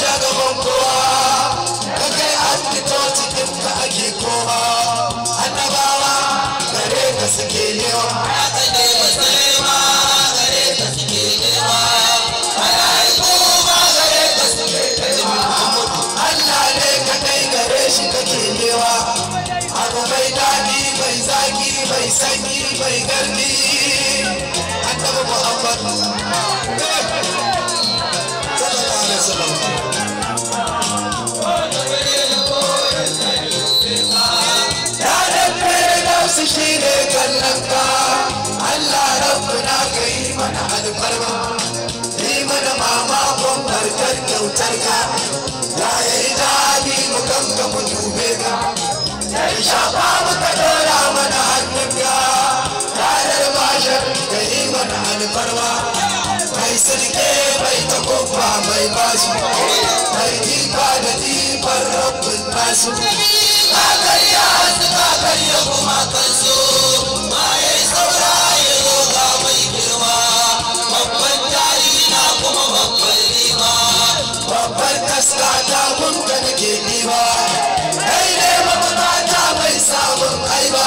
shadow of shine ne kallonka Allah rabu na ka yi mana alfarma yi mana mama barkar kyautar ka ya yi daɗi mu kanka mu dube ka ya yi shafa muka dora mana hannun ka ranar bashar ka yi mana alfarma mai sirke mai takofa mai bashi mai jifa da jifar rabu kunna su ka karya su ka karya kuma kansu ma ya yi mai girma babban tari na kuma babban lima babban taska ta kun da nake ɗiba kai ne mabukata mai samun aiba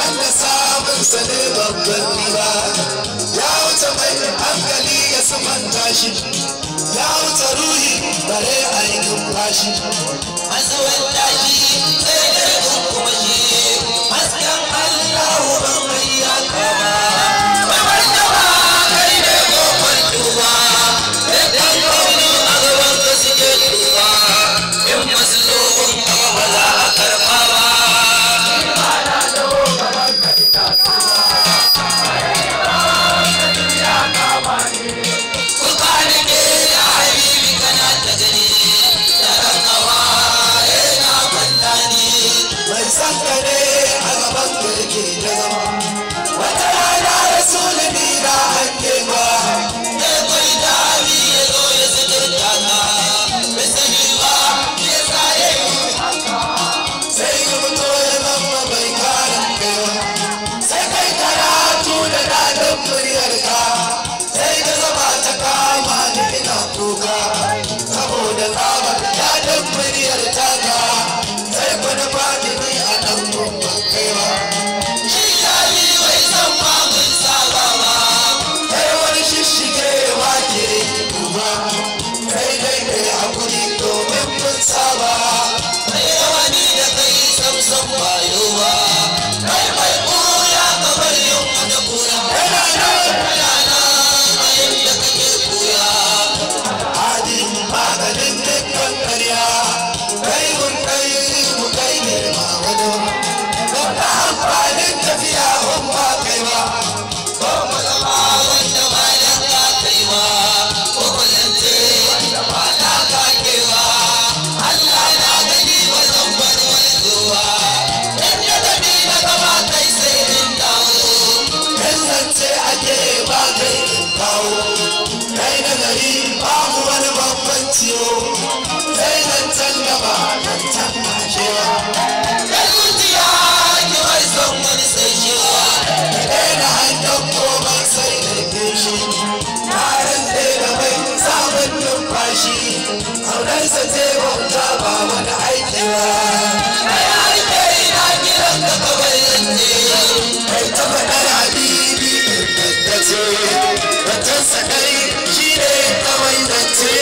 wanda sabon sa ne babban riba ya wuce mai hankali ya sumanta shi ya wuce ruhi bare a yi numfashi matsawar tashi sai da kuma shi hasken allahu ban kaunarsa ce bauta ba wani aiki ba mai aiki ina kiran da kawai yanke Kai ta faɗar habibi da ce batun sa kai shi ne kawai zance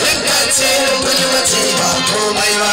duk da ce gulmace ba komai ba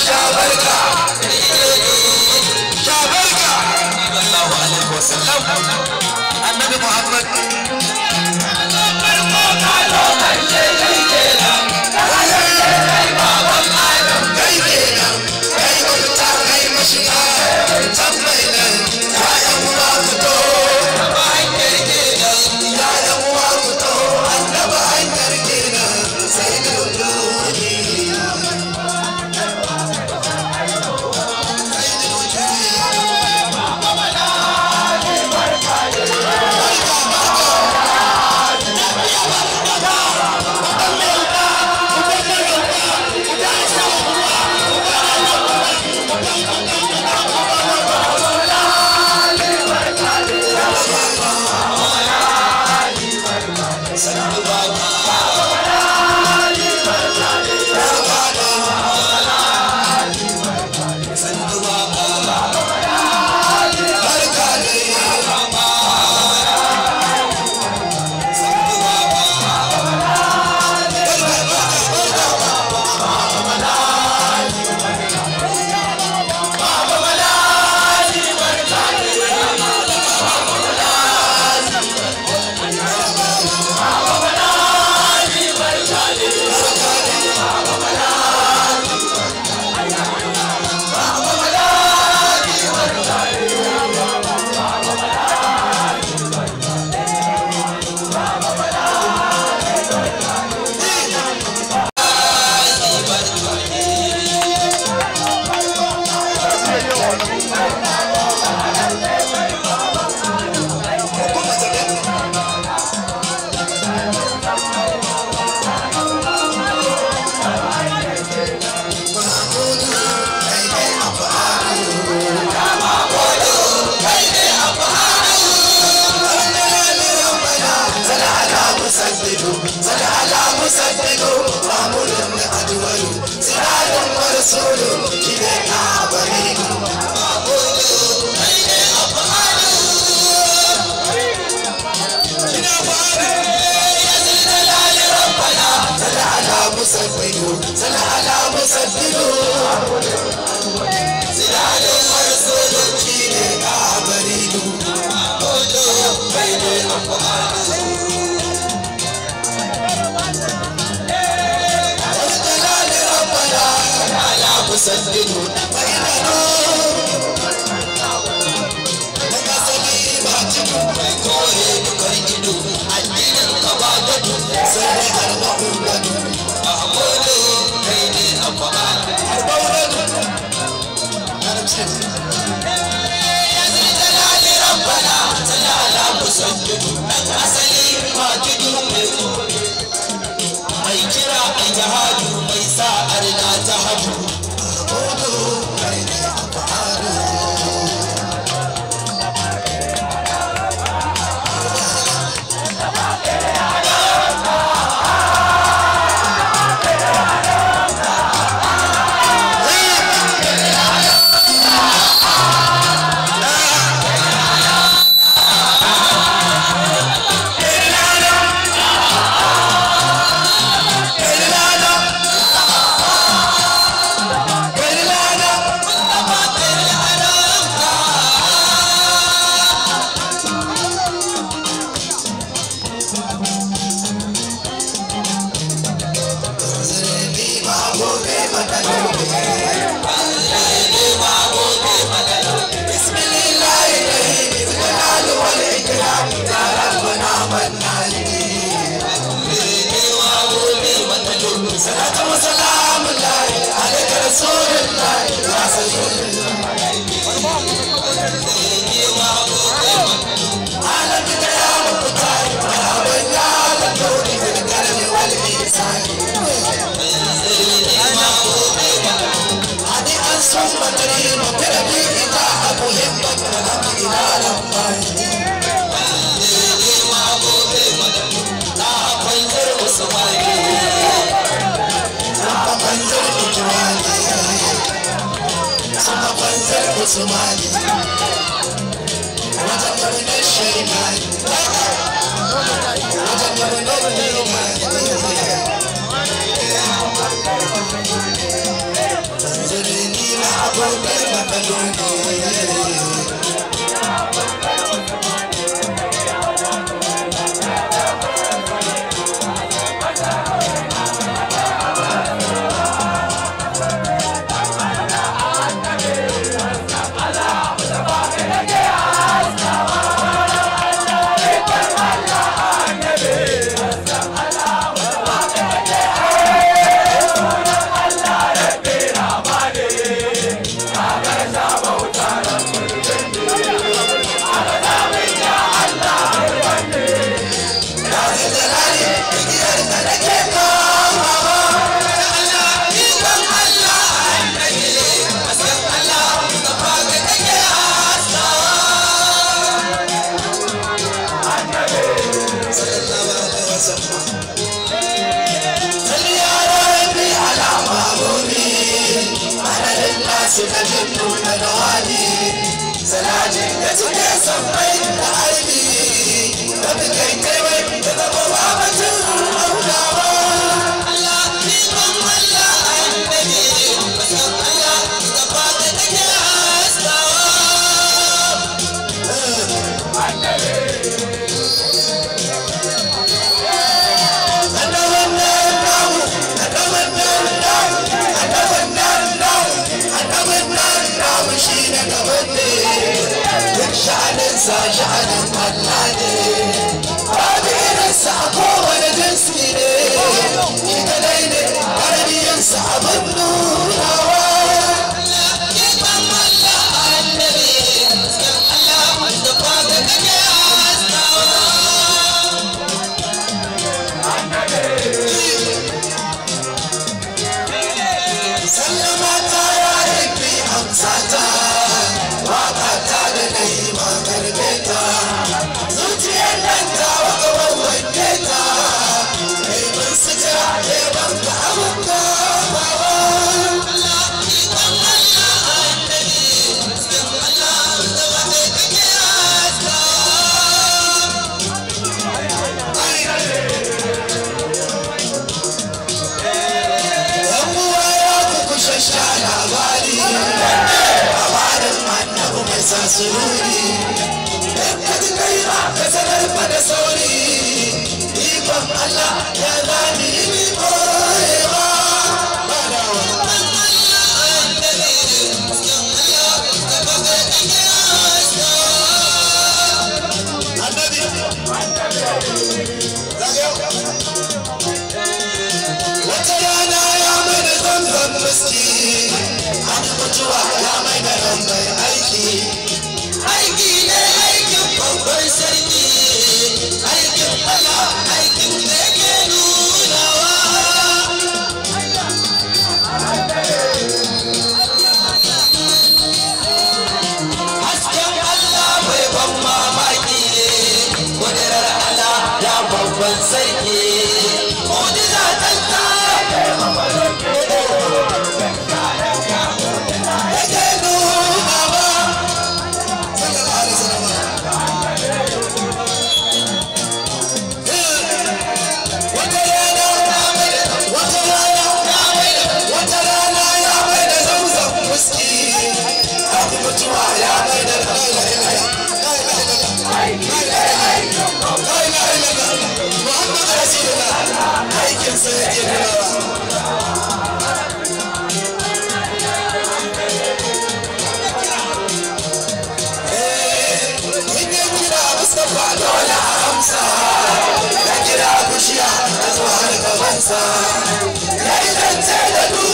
shabarka shabarka sallallahu Thank you. kwaido tana alamun sabbido ziradin wani sojoji ne a barido kwaido kwaido a kuma sabbido ziradin wani sojoji ne a barido mai jira a jihadu mai sa arna ta hadu Somali, what a coronation, what a coronation. Did I will make my wani salatin da cike san da aiki da kai kai sa sha'anin Allah ne babu irinsa a kowane jinsi ne shi kadai ne karbiyansa abin nuna sururi ka ji ma ka sanar da sauri ikon Allah ya I can't, I can I sun. Let them take the blue.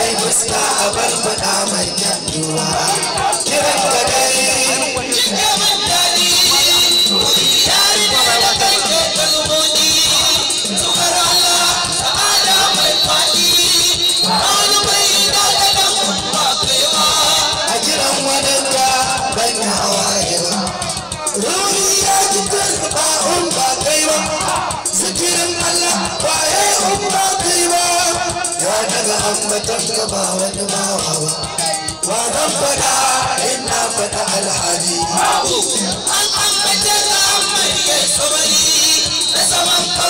kai muska a bar faɗa manyan duwa kiran ka dai zikirin Allah waye umma daga ammatan ka ba wani bawa ba wa zan faɗa na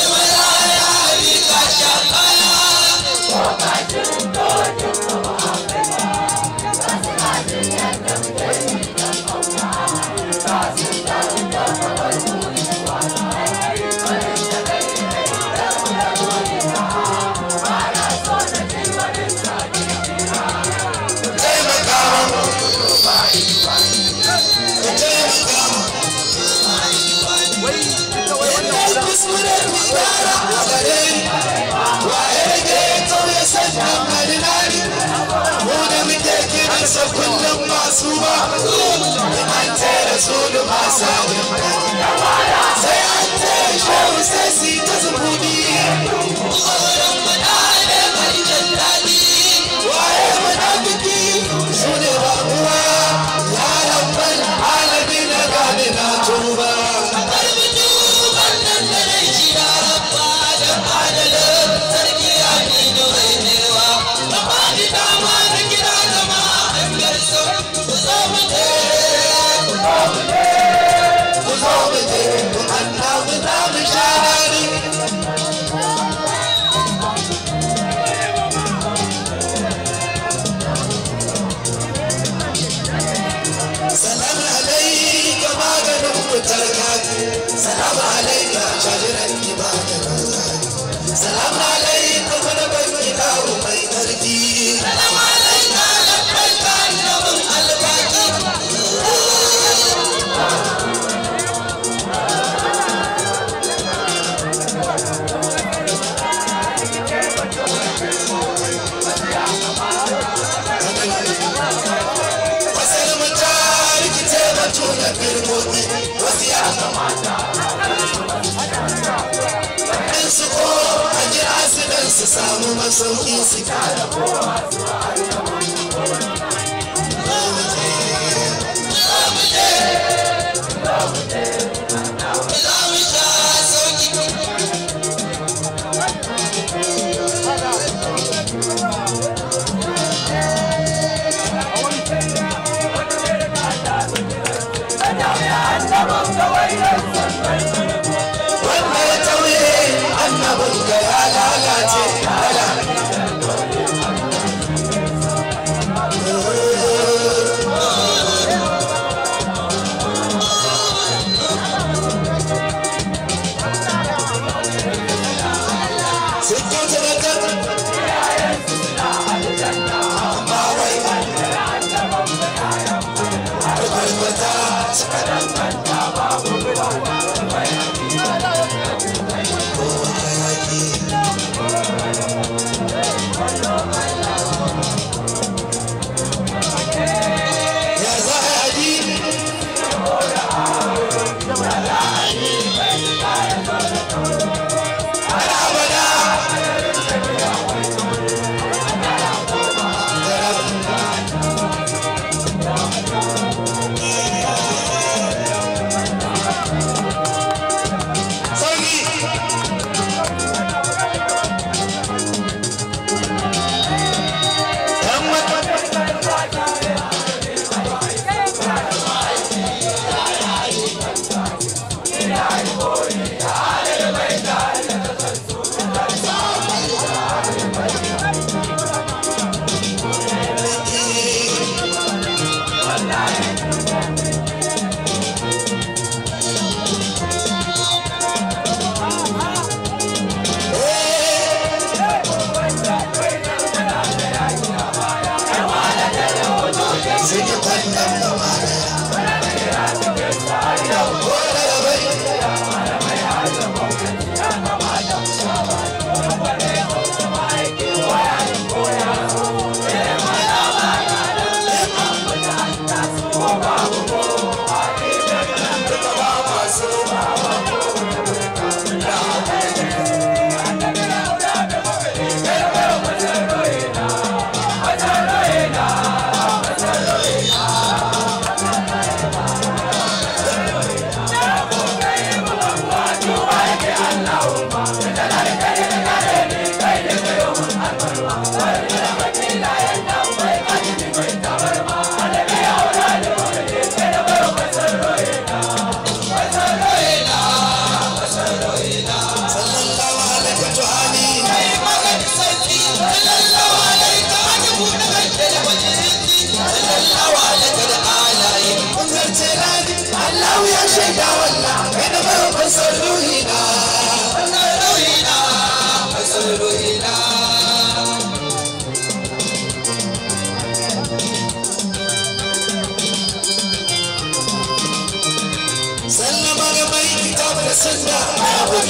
Let's in sa kullum masu ba an tare su da masa sai an tare shehu sai su ta zubuɗi sauki su kara kowa su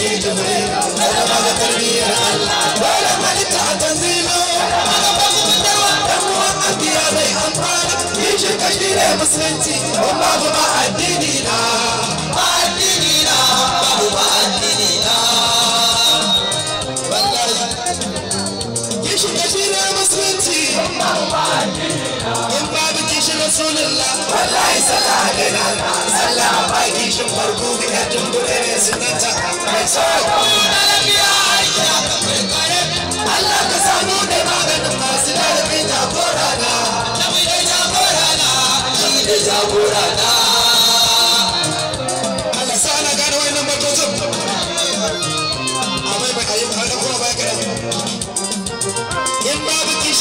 sarki jibril da Allah a zai amfana yin shirka shi musulunci ban babu addini na rasulullah wallahi sallah ne na sallah ba kishin farko da ya ne sunanta mai tsoro lafiya aisha ka kurkare Allah ka ne maganin masu larabi jagora na shi ne na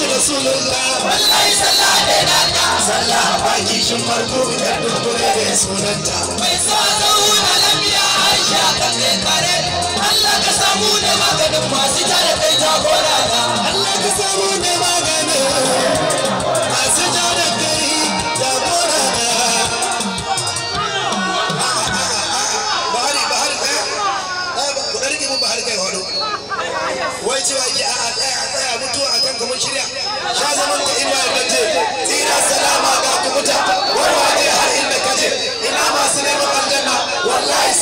shi rasulullah wallahi sallah da naka sallah baki shin farko da dukure da sunanta mai sa zauna lafiya aisha ta ne kare Allah ka samu da maganin masu tare kai jagora da Allah ka samu da maganin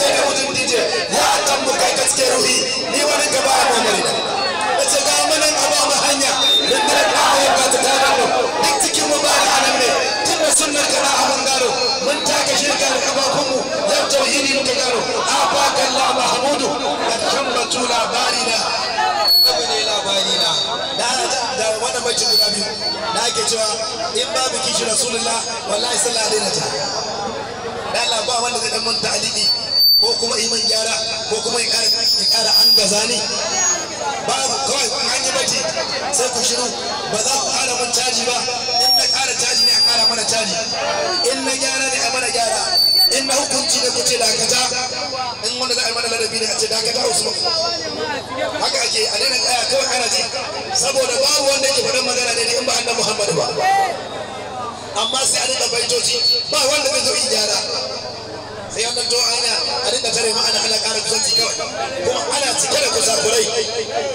daga wajen DJ ya ni gaba na hanya hanyar cikin a a rasulullah wallahi sallallahu alaihi wa sallam Allah ba wanda zai dan mun ko kuma iman gyara ko kuma ya kara an gaza ne babu kawai kun an yi bace sai ku shiru ba za ku kara mun caji ba in na kara caji ne a kara mana caji in na gyara ne a mana gyara in na hukunci ne ku ce dakata in wanda za a yi mana ladabi ne a ce dakata usman haka ake a daina tsaya kawai ana ji saboda babu wanda ke faɗin magana ne in ba annabi muhammadu ba amma sai a rika baitoci ba wanda zai zo in gyara da yau nan ana a dinga tare mu ana ala ƙara kusanci kawai kuma ana cike da kusakurai